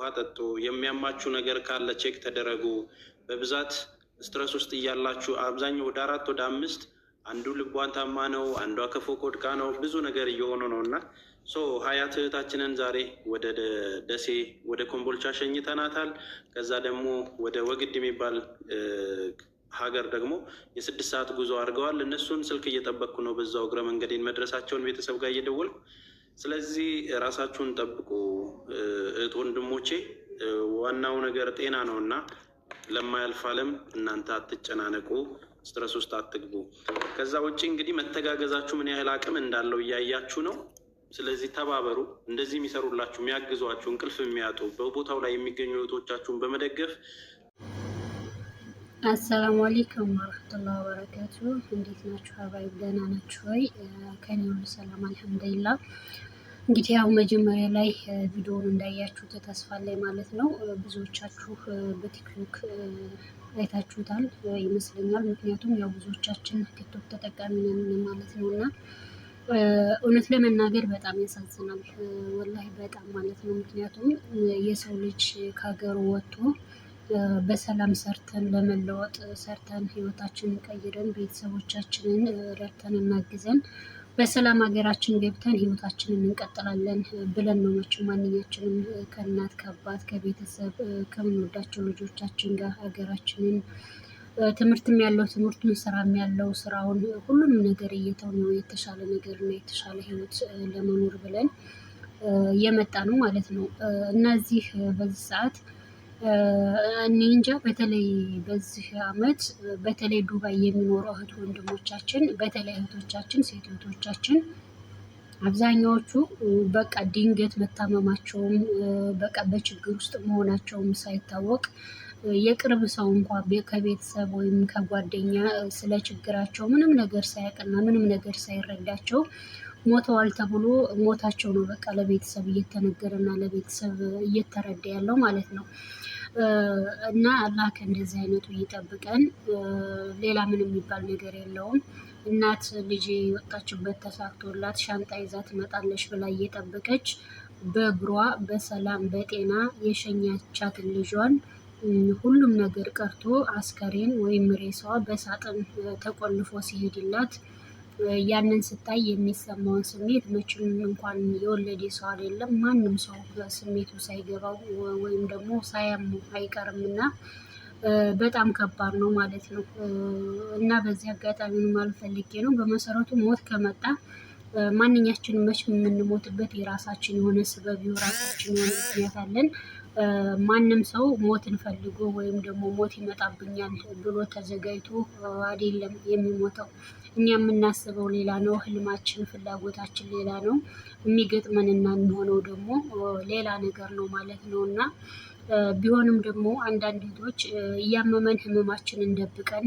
ውሃ ጠጡ። የሚያማችሁ ነገር ካለ ቼክ ተደረጉ። በብዛት ስትረስ ውስጥ እያላችሁ አብዛኛው ወደ አራት ወደ አምስት አንዱ ልቧን ታማ ነው፣ አንዷ ከፎቅ ወድቃ ነው። ብዙ ነገር እየሆኑ ነው እና ሶ ሀያት እህታችንን ዛሬ ወደ ደሴ ወደ ኮምቦልቻ ሸኝተናታል። ከዛ ደግሞ ወደ ወግድ የሚባል ሀገር ደግሞ የስድስት ሰዓት ጉዞ አድርገዋል። እነሱን ስልክ እየጠበቅኩ ነው። በዛው እግረ መንገዴን መድረሳቸውን ቤተሰብ ጋር እየደወልኩ ስለዚህ ራሳችሁን ጠብቁ እህት ወንድሞቼ። ዋናው ነገር ጤና ነው እና ለማያልፍ አለም እናንተ አትጨናነቁ፣ ስትረስ ውስጥ አትግቡ። ከዛ ውጭ እንግዲህ መተጋገዛችሁ ምን ያህል አቅም እንዳለው እያያችሁ ነው። ስለዚህ ተባበሩ። እንደዚህ የሚሰሩላችሁ የሚያግዟችሁ፣ እንቅልፍ የሚያጡ በቦታው ላይ የሚገኙ እህቶቻችሁን በመደገፍ አሰላሙ አሌይኩም ወረህመቱላሂ ወበረካቱ። እንዴት ናችሁ? አባይ ደህና ናችሁ ወይ? ከኔ ሁሉ ሰላም አልሐምዱሊላህ። እንግዲህ ያው መጀመሪያ ላይ ቪዲዮውን እንዳያችሁት ተስፋ ላይ ማለት ነው። ብዙዎቻችሁ በቲክቶክ አይታችሁታል ይመስለኛል። ምክንያቱም ያው ብዙዎቻችን ቲክቶክ ተጠቃሚ ነን ማለት ነው እና እውነት ለመናገር በጣም ያሳዝናል፣ ወላሂ በጣም ማለት ነው። ምክንያቱም የሰው ልጅ ከሀገሩ ወጥቶ በሰላም ሰርተን ለመለወጥ ሰርተን ህይወታችንን ቀይረን ቤተሰቦቻችንን ረድተን እናግዘን በሰላም ሀገራችን ገብተን ህይወታችንን እንቀጥላለን ብለን ነው መቼም ማንኛችንም ከእናት ከአባት ከቤተሰብ ከምንወዳቸው ልጆቻችን ጋር ሀገራችንን ትምህርትም ያለው ትምህርቱን፣ ስራም ያለው ስራውን፣ ሁሉንም ነገር እየተው ነው የተሻለ ነገርና የተሻለ ህይወት ለመኖር ብለን የመጣ ነው ማለት ነው። እነዚህ በዚህ ሰዓት እኔ እንጃ በተለይ በዚህ አመት በተለይ ዱባይ የሚኖሩ እህት ወንድሞቻችን በተለይ እህቶቻችን ሴት እህቶቻችን አብዛኛዎቹ በቃ ድንገት መታመማቸውም በቃ በችግር ውስጥ መሆናቸውም ሳይታወቅ የቅርብ ሰው እንኳ ከቤተሰብ ወይም ከጓደኛ ስለ ችግራቸው ምንም ነገር ሳያውቅና ምንም ነገር ሳይረዳቸው ሞተዋል ተብሎ ሞታቸው ነው በቃ ለቤተሰብ እየተነገረና ለቤተሰብ እየተረዳ ያለው ማለት ነው። እና አላህ ከእንደዚህ አይነቱ ይጠብቀን። ሌላ ምንም የሚባል ነገር የለውም። እናት ልጅ የወጣችበት ተሳክቶላት ሻንጣ ይዛ ትመጣለች ብላ እየጠበቀች በእግሯ በሰላም በጤና የሸኛቻትን ልጇን ሁሉም ነገር ቀርቶ አስከሬን ወይም ሬሳዋ በሳጥን ተቆልፎ ሲሄድላት ያንን ስታይ የሚሰማውን ስሜት መቼም እንኳን የወለደ ሰው አይደለም ማንም ሰው ስሜቱ ሳይገባው ወይም ደግሞ ሳያሙ አይቀርም እና በጣም ከባድ ነው ማለት ነው። እና በዚህ አጋጣሚ ማለት ነው። በመሰረቱ ሞት ከመጣ ማንኛችንም መቼም የምንሞትበት የራሳችን የሆነ ስበብ የራሳችን የሆነ ምክንያት አለን። ማንም ሰው ሞትን ፈልጎ ወይም ደግሞ ሞት ይመጣብኛል ብሎ ተዘጋጅቶ አይደለም የሚሞተው። እኛ የምናስበው ሌላ ነው። ህልማችን፣ ፍላጎታችን ሌላ ነው። የሚገጥመንና የሚሆነው ደግሞ ሌላ ነገር ነው ማለት ነው እና ቢሆንም ደግሞ አንዳንድ እህቶች እያመመን ህመማችንን ደብቀን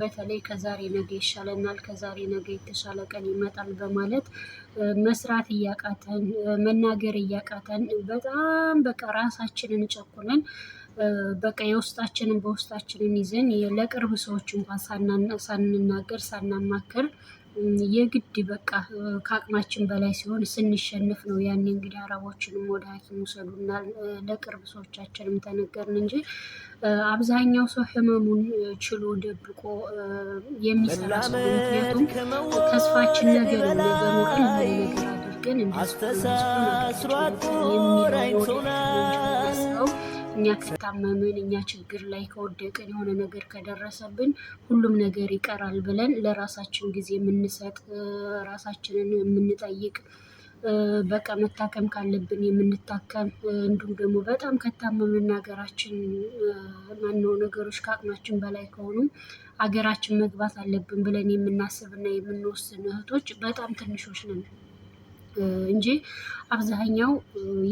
በተለይ ከዛሬ ነገ ይሻለናል፣ ከዛሬ ነገ የተሻለ ቀን ይመጣል በማለት መስራት እያቃተን መናገር እያቃተን በጣም በቃ ራሳችንን ጨቁነን በቃ የውስጣችንን በውስጣችንን ይዘን ለቅርብ ሰዎች እንኳን ሳንናገር ሳናማክር የግድ በቃ ከአቅማችን በላይ ሲሆን ስንሸንፍ ነው። ያኔ እንግዲህ አረቦችንም ወደ ሐኪም ውሰዱና ለቅርብ ሰዎቻችንም ተነገርን እንጂ አብዛኛው ሰው ህመሙን ችሎ ደብቆ የሚሰራ ሰው ምክንያቱም ተስፋችን ነገር በመቀል ነገር አድርገን እንዲስሩ የሚለው እኛ ከታመምን እኛ ችግር ላይ ከወደቅን የሆነ ነገር ከደረሰብን ሁሉም ነገር ይቀራል ብለን ለራሳችን ጊዜ የምንሰጥ ራሳችንን የምንጠይቅ በቃ መታከም ካለብን የምንታከም እንዲሁም ደግሞ በጣም ከታመምን ሀገራችን ማነው ነገሮች ከአቅማችን በላይ ከሆኑ አገራችን መግባት አለብን ብለን የምናስብና የምንወስን እህቶች በጣም ትንሾች ነን። እንጂ አብዛኛው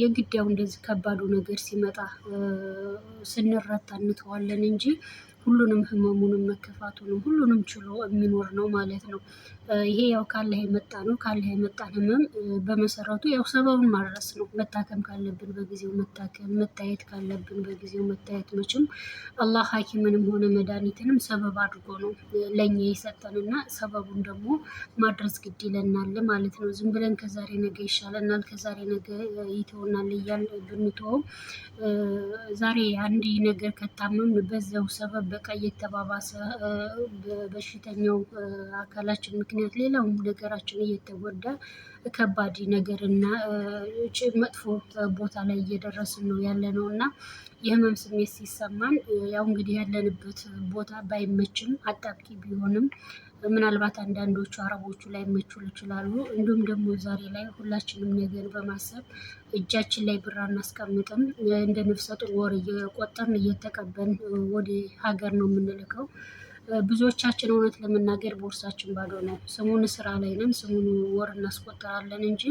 የግዳው እንደዚህ ከባዱ ነገር ሲመጣ ስንረታ እንተዋለን እንጂ ሁሉንም ህመሙንም መከፋቱንም ሁሉንም ችሎ የሚኖር ነው ማለት ነው። ይሄ ያው ካለህ የመጣ ነው። ካለህ የመጣ ህመም በመሰረቱ ያው ሰበቡን ማድረስ ነው። መታከም ካለብን በጊዜው መታከም፣ መታየት ካለብን በጊዜው መታየት። መቼም አላህ ሐኪምንም ሆነ መድኃኒትንም ሰበብ አድርጎ ነው ለእኛ የሰጠንና ሰበቡን ደግሞ ማድረስ ግድ ይለናል ማለት ነው። ዝም ብለን ከዛሬ ነገ ይሻለናል፣ ከዛሬ ነገ ይተውናል እያል ብንተውም ዛሬ አንድ ነገር ከታመም በዛው ሰበብ በቃ እየተባባሰ በሽተኛው አካላችን ምክንያት ሌላውም ነገራችን እየተጎዳ ከባድ ነገር እና መጥፎ ቦታ ላይ እየደረስን ነው ያለ ነው እና የህመም ስሜት ሲሰማን ያው እንግዲህ ያለንበት ቦታ ባይመችም አጣብቂ ቢሆንም ምናልባት አንዳንዶቹ አረቦቹ ላይ መችሉ ይችላሉ። እንዲሁም ደግሞ ዛሬ ላይ ሁላችንም ነገር በማሰብ እጃችን ላይ ብር አናስቀምጥም። እንደ ነፍሰ ጡር ወር እየቆጠርን እየተቀበልን ወደ ሀገር ነው የምንልከው። ብዙዎቻችን እውነት ለመናገር ቦርሳችን ባዶ ነው። ስሙን ስራ ላይ ነን፣ ስሙን ወር እናስቆጥራለን እንጂ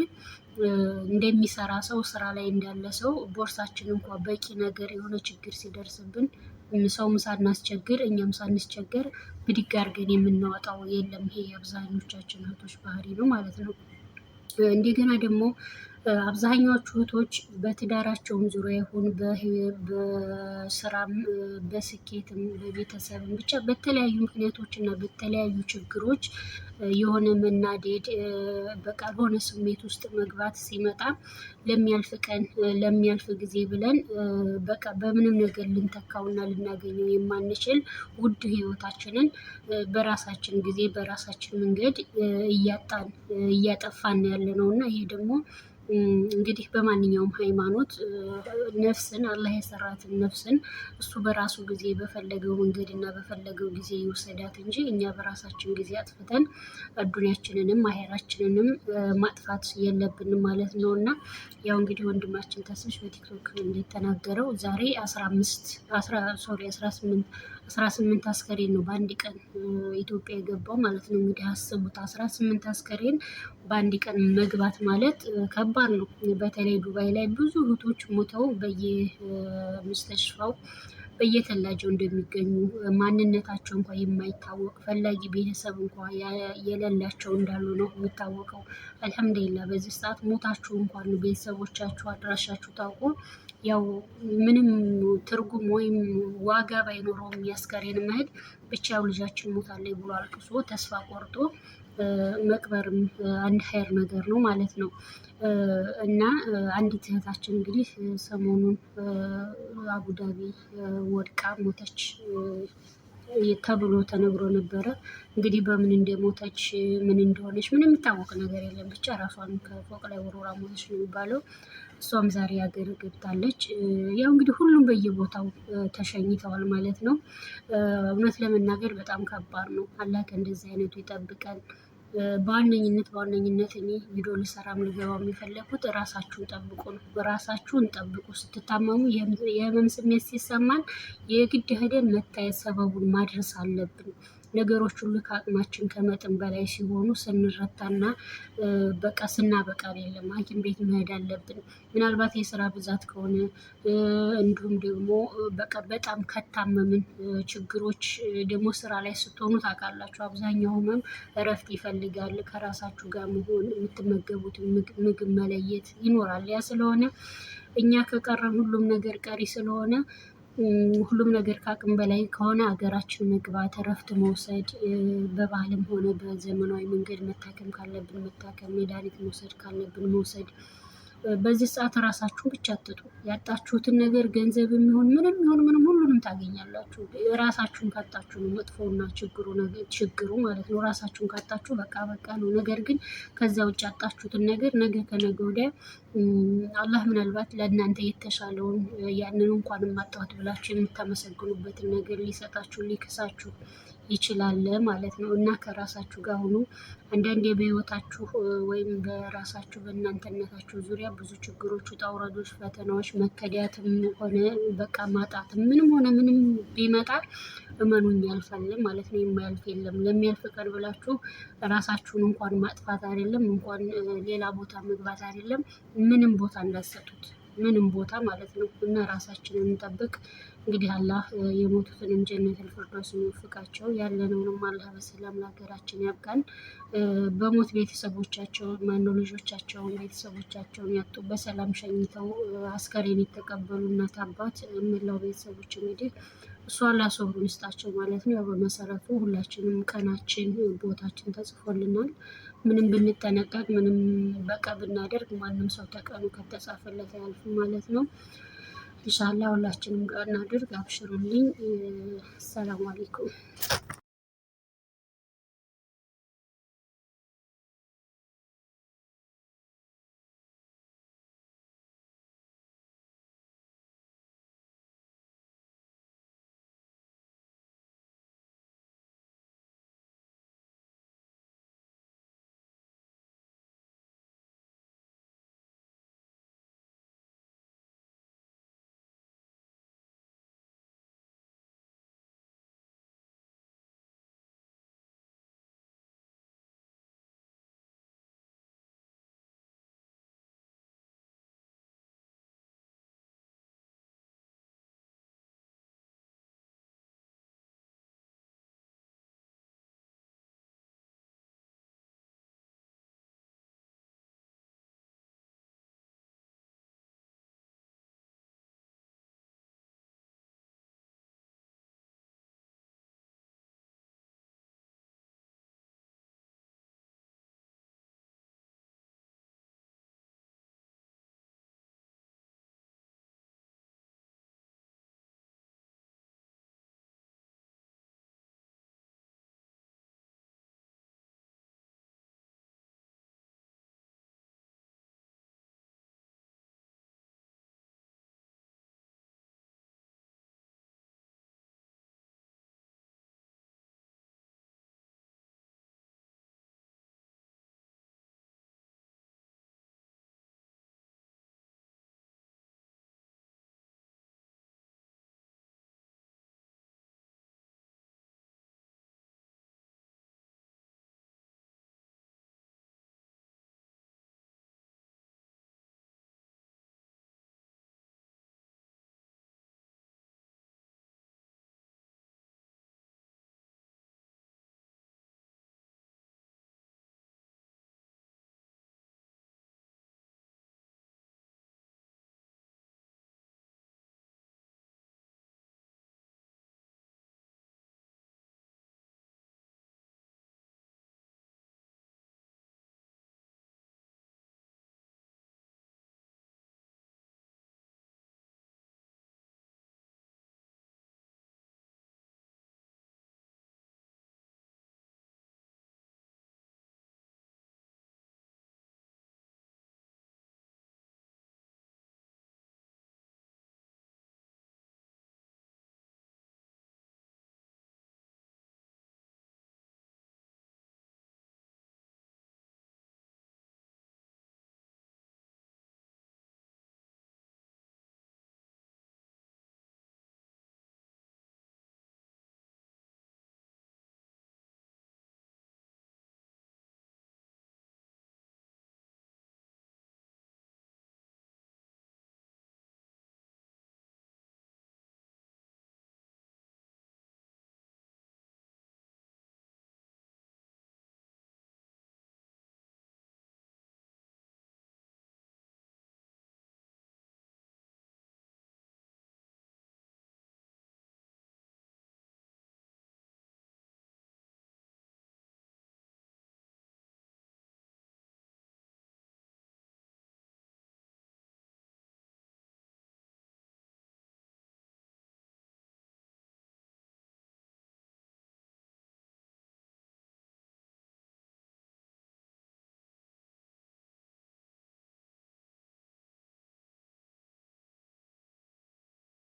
እንደሚሰራ ሰው ስራ ላይ እንዳለ ሰው ቦርሳችን እንኳ በቂ ነገር የሆነ ችግር ሲደርስብን ሰውም ሳናስቸግር እኛም ሳንስቸገር ብድግ አድርገን የምናወጣው የለም። ይሄ የአብዛኞቻችን እህቶች ባህሪ ነው ማለት ነው። እንደገና ደግሞ አብዛኛዎቹ እህቶች በትዳራቸውም ዙሪያ ይሁን በስራም በስኬትም በቤተሰብም ብቻ በተለያዩ ምክንያቶች እና በተለያዩ ችግሮች የሆነ መናደድ በቃ ስሜት ውስጥ መግባት ሲመጣ ለሚያልፍ ቀን ለሚያልፍ ጊዜ ብለን በቃ በምንም ነገር ልንተካውና ልናገኘው የማንችል ውድ ህይወታችንን በራሳችን ጊዜ በራሳችን መንገድ እያጣን እያጠፋን ያለ ነው እና ይሄ ደግሞ እንግዲህ በማንኛውም ሃይማኖት ነፍስን አላህ የሰራትን ነፍስን እሱ በራሱ ጊዜ በፈለገው መንገድ እና በፈለገው ጊዜ ይውሰዳት እንጂ እኛ በራሳችን ጊዜ አጥፍተን አዱንያችንንም አሄራችንንም ማጥፋት የለብንም ማለት ነው። እና ያው እንግዲህ ወንድማችን ተስሽ በቲክቶክ እንደተናገረው ዛሬ አስራ አምስት አስራ ሶሪ አስራ ስምንት አስራ ስምንት አስከሬን ነው በአንድ ቀን ኢትዮጵያ የገባው ማለት ነው። እንግዲህ አስቡት አስራ ስምንት አስከሬን በአንድ ቀን መግባት ማለት ከባድ ነው። በተለይ ዱባይ ላይ ብዙ እህቶች ሞተው በየምስተሽፋው በየተላጀው እንደሚገኙ ማንነታቸው እንኳ የማይታወቅ ፈላጊ ቤተሰብ እንኳ የሌላቸው እንዳሉ ነው የሚታወቀው። አልሐምዱሊላ በዚህ ሰዓት ሞታችሁ እንኳን ቤተሰቦቻችሁ አድራሻችሁ ታውቁ ያው ምንም ትርጉም ወይም ዋጋ ባይኖረውም ያስከሬን መሄድ ብቻ ያው ልጃችን ሞታለች ብሎ አልቅሶ ተስፋ ቆርጦ መቅበርም አንድ ሀይር ነገር ነው ማለት ነው። እና አንዲት እህታችን እንግዲህ ሰሞኑን አቡዳቢ ወድቃ ሞተች ተብሎ ተነግሮ ነበረ። እንግዲህ በምን እንደሞተች ምን እንደሆነች ምን የሚታወቅ ነገር የለም። ብቻ ራሷን ከፎቅ ላይ ወርውራ ሞተች ነው የሚባለው። እሷም ዛሬ ሀገር ገብታለች። ያው እንግዲህ ሁሉም በየቦታው ተሸኝተዋል ማለት ነው። እውነት ለመናገር በጣም ከባድ ነው። አላህ ከእንደዚህ አይነቱ ይጠብቀን። በዋነኝነት በዋነኝነት እኔ ቪዲዮ ልሰራም ልገባው የሚፈለጉት ራሳችሁን ጠብቁ ነው። ራሳችሁን ጠብቁ። ስትታመሙ የህመም ስሜት ሲሰማን የግድ ሄደን መታየት ሰበቡን ማድረስ አለብን። ነገሮች ሁሉ ከመጠን በላይ ሲሆኑ ስንረታና በቃ ስናበቃ የለም ሐኪም ቤት መሄድ አለብን። ምናልባት የስራ ብዛት ከሆነ እንዲሁም ደግሞ በቃ በጣም ከታመምን ችግሮች ደግሞ ስራ ላይ ስትሆኑ ታውቃላችሁ፣ አብዛኛው ህመም እረፍት ይፈልጋል። ከራሳችሁ ጋር መሆን የምትመገቡት ምግብ መለየት ይኖራል። ያ ስለሆነ እኛ ከቀረን ሁሉም ነገር ቀሪ ስለሆነ ሁሉም ነገር ከአቅም በላይ ከሆነ ሀገራችን መግባት፣ እረፍት መውሰድ፣ በባህልም ሆነ በዘመናዊ መንገድ መታከም ካለብን መታከም፣ መድኃኒት መውሰድ ካለብን መውሰድ በዚህ ሰዓት ራሳችሁን ብቻ አትጡ። ያጣችሁትን ነገር ገንዘብ የሚሆን ምንም ይሆን ምንም ሁሉንም ታገኛላችሁ። ራሳችሁን ካጣችሁ ነው መጥፎና ችግሩ ችግሩ ማለት ነው። ራሳችሁን ካጣችሁ በቃ በቃ ነው። ነገር ግን ከዛ ውጭ ያጣችሁትን ነገር ነገ ከነገ ወዲያ አላህ ምናልባት ለእናንተ የተሻለውን ያንን እንኳን ማጣሁት ብላችሁ የምታመሰግኑበትን ነገር ሊሰጣችሁ ሊክሳችሁ ይችላል ማለት ነው እና ከራሳችሁ ጋር ሁኑ። አንዳንዴ በሕይወታችሁ ወይም በራሳችሁ በእናንተነታችሁ ዙሪያ ብዙ ችግሮች፣ ውጣ ውረዶች፣ ፈተናዎች፣ መከዳያትም ሆነ በቃ ማጣት ምንም ሆነ ምንም ቢመጣ እመኑኝ ያልፋል ማለት ነው። የማያልፍ የለም። ለሚያልፍ ቀን ብላችሁ ራሳችሁን እንኳን ማጥፋት አይደለም እንኳን ሌላ ቦታ መግባት አይደለም ምንም ቦታ እንዳትሰጡት ምንም ቦታ ማለት ነው እና ራሳችንን እንጠብቅ። እንግዲህ አላህ የሞቱትንም ጀነተል ፊርደውስ ይወፍቃቸው። ያለነውንም አላህ በሰላም ለሀገራችን ያብቃን። በሞት ቤተሰቦቻቸውን ማነው ልጆቻቸውን ቤተሰቦቻቸውን ያጡ በሰላም ሸኝተው አስከሬን የተቀበሉ እናት አባት፣ መላው ቤተሰቦች እንግዲህ እሷ ላሰብሩን ይስጣቸው ማለት ነው። በመሰረቱ ሁላችንም ቀናችን ቦታችን ተጽፎልናል። ምንም ብንጠነቀቅ ምንም በቃ ብናደርግ ማንም ሰው ተቀኑ ከተጻፈለት አያልፍም ማለት ነው። ኢንሻላህ ሁላችንም ጋር እናድርግ። አብሽሩልኝ። ሰላም አለይኩም